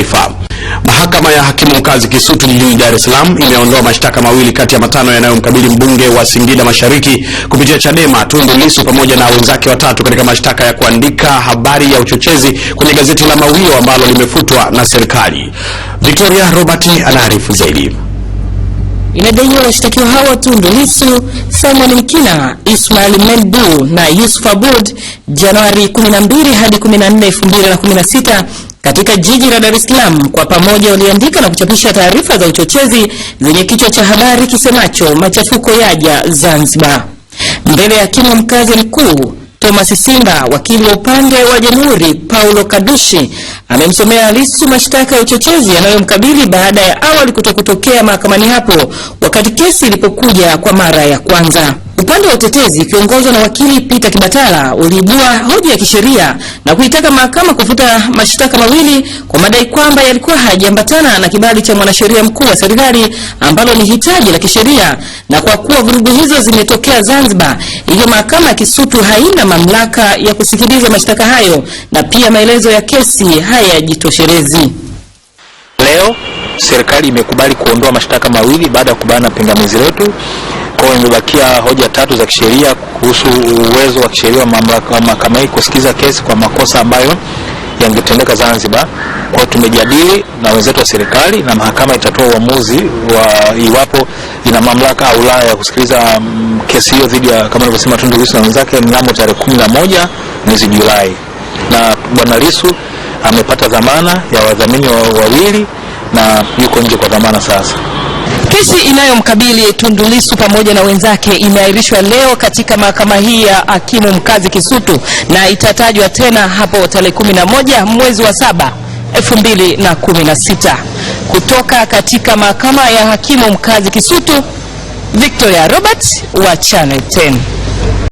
Taifa. Mahakama ya hakimu mkazi Kisutu jijini Dar es Salaam imeondoa mashtaka mawili kati ya matano yanayomkabili mbunge wa Singida Mashariki kupitia Chadema Tundu Lissu pamoja na wenzake watatu katika mashtaka ya kuandika habari ya uchochezi kwenye gazeti la Mawio ambalo limefutwa na serikali. Victoria Robert anaarifu zaidi. Inadaiwa washtakiwa hawa Tundu Lissu, Samuel Mkina, Ismail Meldu na Yusuf Abud Januari 12 hadi 14, 2016 katika jiji la Dar es Salaam kwa pamoja waliandika na kuchapisha taarifa za uchochezi zenye kichwa cha habari kisemacho machafuko yaja Zanzibar. Mbele ya hakimu mkazi mkuu Thomas Simba, wakili wa upande wa jamhuri Paulo Kadushi amemsomea Lissu mashtaka ya uchochezi yanayomkabili baada ya awali kutokutokea mahakamani hapo wakati kesi ilipokuja kwa mara ya kwanza. Upande wa utetezi ukiongozwa na wakili Peter Kibatala uliibua hoja ya kisheria na kuitaka mahakama kufuta mashtaka mawili kwa madai kwamba yalikuwa hayajaambatana na kibali cha mwanasheria mkuu wa serikali ambalo ni hitaji la kisheria, na kwa kuwa vurugu hizo zimetokea Zanzibar, hivyo mahakama ya Kisutu haina mamlaka ya kusikiliza mashtaka hayo, na pia maelezo ya kesi hayajitoshelezi. Leo serikali imekubali kuondoa mashtaka mawili baada ya kubana pingamizi letu kwa imebakia hoja tatu za kisheria kuhusu uwezo wa kisheria wa mahakama hii kusikiza kesi kwa makosa ambayo yangetendeka Zanzibar. Kwa tumejadili na wenzetu wa serikali na mahakama itatoa uamuzi wa iwapo ina mamlaka au la ya kusikiliza mm, kesi hiyo dhidi ya kama alivyosema Tundu Lissu na wenzake mnamo tarehe kumi na moja mwezi Julai, na Bwana Lissu amepata dhamana ya wadhamini wawili na yuko nje kwa dhamana sasa. Kesi inayomkabili Tundu Lissu pamoja na wenzake imeahirishwa leo katika mahakama hii ya hakimu mkazi Kisutu na itatajwa tena hapo tarehe 11 mwezi wa saba sita Kutoka katika mahakama ya hakimu mkazi Kisutu, Victoria Robert wa Channel 10.